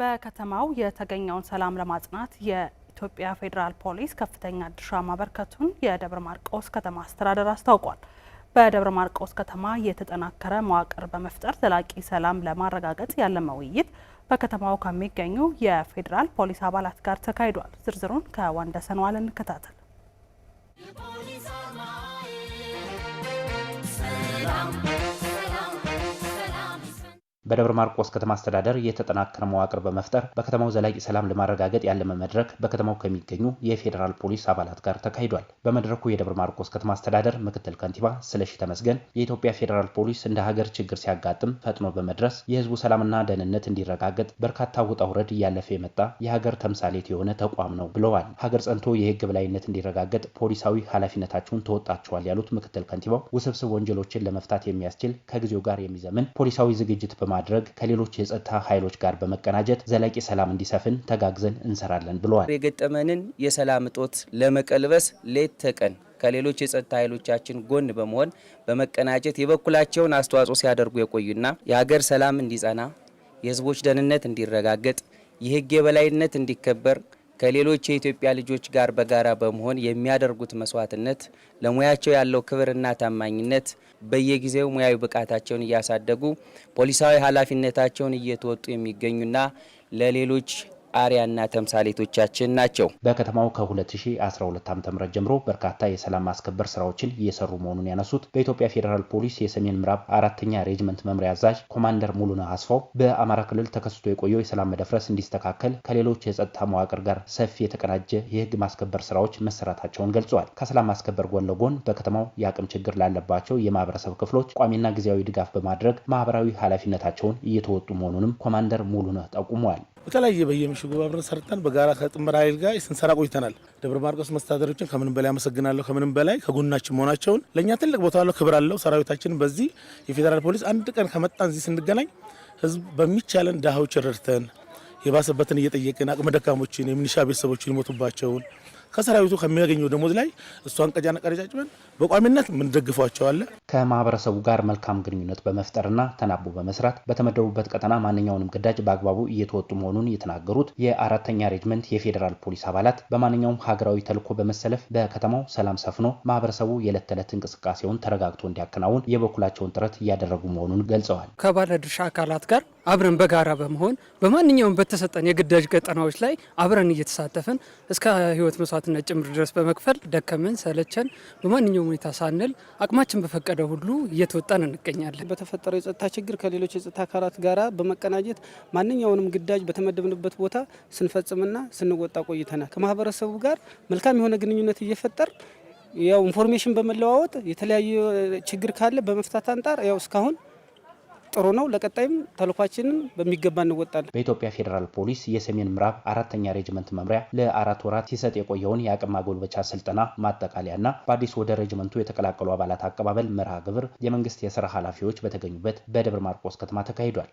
በከተማው የተገኘውን ሰላም ለማጽናት የኢትዮጵያ ፌዴራል ፖሊስ ከፍተኛ ድርሻ ማበርከቱን የደብረ ማርቆስ ከተማ አስተዳደር አስታውቋል። በደብረ ማርቆስ ከተማ የተጠናከረ መዋቅር በመፍጠር ዘላቂ ሰላም ለማረጋገጥ ያለመ ውይይት በከተማው ከሚገኙ የፌዴራል ፖሊስ አባላት ጋር ተካሂዷል። ዝርዝሩን ከዋንደሰን ዋለ እንከታተል። በደብረ ማርቆስ ከተማ አስተዳደር የተጠናከረ መዋቅር በመፍጠር በከተማው ዘላቂ ሰላም ለማረጋገጥ ያለመ መድረክ በከተማው ከሚገኙ የፌዴራል ፖሊስ አባላት ጋር ተካሂዷል። በመድረኩ የደብረ ማርቆስ ከተማ አስተዳደር ምክትል ከንቲባ ስለሺ ተመስገን የኢትዮጵያ ፌዴራል ፖሊስ እንደ ሀገር ችግር ሲያጋጥም ፈጥኖ በመድረስ የህዝቡ ሰላምና ደህንነት እንዲረጋገጥ በርካታ ውጣ ውረድ እያለፈ የመጣ የሀገር ተምሳሌት የሆነ ተቋም ነው ብለዋል። ሀገር ጸንቶ የህግ በላይነት እንዲረጋገጥ ፖሊሳዊ ኃላፊነታችሁን ተወጣችኋል ያሉት ምክትል ከንቲባው ውስብስብ ወንጀሎችን ለመፍታት የሚያስችል ከጊዜው ጋር የሚዘምን ፖሊሳዊ ዝግጅት በማ በማድረግ ከሌሎች የጸጥታ ኃይሎች ጋር በመቀናጀት ዘላቂ ሰላም እንዲሰፍን ተጋግዘን እንሰራለን ብለዋል። የገጠመንን የሰላም እጦት ለመቀልበስ ሌት ተቀን ከሌሎች የጸጥታ ኃይሎቻችን ጎን በመሆን በመቀናጀት የበኩላቸውን አስተዋጽኦ ሲያደርጉ የቆዩና የሀገር ሰላም እንዲጸና፣ የህዝቦች ደህንነት እንዲረጋገጥ፣ የህግ የበላይነት እንዲከበር ከሌሎች የኢትዮጵያ ልጆች ጋር በጋራ በመሆን የሚያደርጉት መስዋዕትነት፣ ለሙያቸው ያለው ክብርና ታማኝነት በየጊዜው ሙያዊ ብቃታቸውን እያሳደጉ ፖሊሳዊ ኃላፊነታቸውን እየተወጡ የሚገኙና ለሌሎች አሪያና ተምሳሌቶቻችን ናቸው። በከተማው ከ2012 ዓ.ም ጀምሮ በርካታ የሰላም ማስከበር ስራዎችን እየሰሩ መሆኑን ያነሱት በኢትዮጵያ ፌዴራል ፖሊስ የሰሜን ምዕራብ አራተኛ ሬጅመንት መምሪያ አዛዥ ኮማንደር ሙሉነ አስፋው በአማራ ክልል ተከስቶ የቆየው የሰላም መደፍረስ እንዲስተካከል ከሌሎች የጸጥታ መዋቅር ጋር ሰፊ የተቀናጀ የህግ ማስከበር ስራዎች መሰራታቸውን ገልጸዋል። ከሰላም ማስከበር ጎን ለጎን በከተማው የአቅም ችግር ላለባቸው የማህበረሰብ ክፍሎች ቋሚና ጊዜያዊ ድጋፍ በማድረግ ማህበራዊ ኃላፊነታቸውን እየተወጡ መሆኑንም ኮማንደር ሙሉነ ጠቁመዋል። በተለያየ በየምሽጉ አብረን ሰርተን በጋራ ከጥምር ኃይል ጋር ስንሰራ ቆይተናል። ደብረ ማርቆስ መስተዳደሮችን ከምንም በላይ አመሰግናለሁ። ከምንም በላይ ከጎናችን መሆናቸውን ለእኛ ትልቅ ቦታ አለው፣ ክብር አለው። ሰራዊታችን በዚህ የፌዴራል ፖሊስ አንድ ቀን ከመጣን እዚህ ስንገናኝ ህዝብ በሚቻለን ድሃዎችን ረድተን የባሰበትን እየጠየቅን አቅመ ደካሞችን የምንሻ ቤተሰቦችን ይሞቱባቸውን ከሰራዊቱ ከሚያገኘው ደሞዝ ላይ እሷን ቀጃ ነቀረጫጭበን በቋሚነት ምንደግፏቸዋለ ከማህበረሰቡ ጋር መልካም ግንኙነት በመፍጠርና ተናቦ በመስራት በተመደቡበት ቀጠና ማንኛውንም ግዳጅ በአግባቡ እየተወጡ መሆኑን የተናገሩት የአራተኛ ሬጅመንት የፌዴራል ፖሊስ አባላት በማንኛውም ሀገራዊ ተልዕኮ በመሰለፍ በከተማው ሰላም ሰፍኖ ማህበረሰቡ የዕለት ተዕለት እንቅስቃሴውን ተረጋግቶ እንዲያከናውን የበኩላቸውን ጥረት እያደረጉ መሆኑን ገልጸዋል። ከባለድርሻ አካላት ጋር አብረን በጋራ በመሆን በማንኛውም በተሰጠን የግዳጅ ቀጠናዎች ላይ አብረን እየተሳተፍን እስከ ህይወት መስዋዕትነት ጭምር ድረስ በመክፈል ደከመን ሰለቸን በማንኛውም ሁኔታ ሳንል አቅማችን በፈቀደ ሁሉ እየተወጣን እንገኛለን። በተፈጠረው የጸጥታ ችግር ከሌሎች የጸጥታ አካላት ጋራ በመቀናጀት ማንኛውንም ግዳጅ በተመደብንበት ቦታ ስንፈጽምና ስንወጣ ቆይተናል። ከማህበረሰቡ ጋር መልካም የሆነ ግንኙነት እየፈጠር ያው ኢንፎርሜሽን በመለዋወጥ የተለያየ ችግር ካለ በመፍታት አንጻር ያው እስካሁን ጥሩ ነው። ለቀጣይም ተልኳችንን በሚገባ እንወጣለን። በኢትዮጵያ ፌዴራል ፖሊስ የሰሜን ምዕራብ አራተኛ ሬጅመንት መምሪያ ለአራት ወራት ሲሰጥ የቆየውን የአቅም ማጎልበቻ ስልጠና ማጠቃለያና በአዲስ ወደ ሬጅመንቱ የተቀላቀሉ አባላት አቀባበል መርሃ ግብር የመንግስት የስራ ኃላፊዎች በተገኙበት በደብረ ማርቆስ ከተማ ተካሂዷል።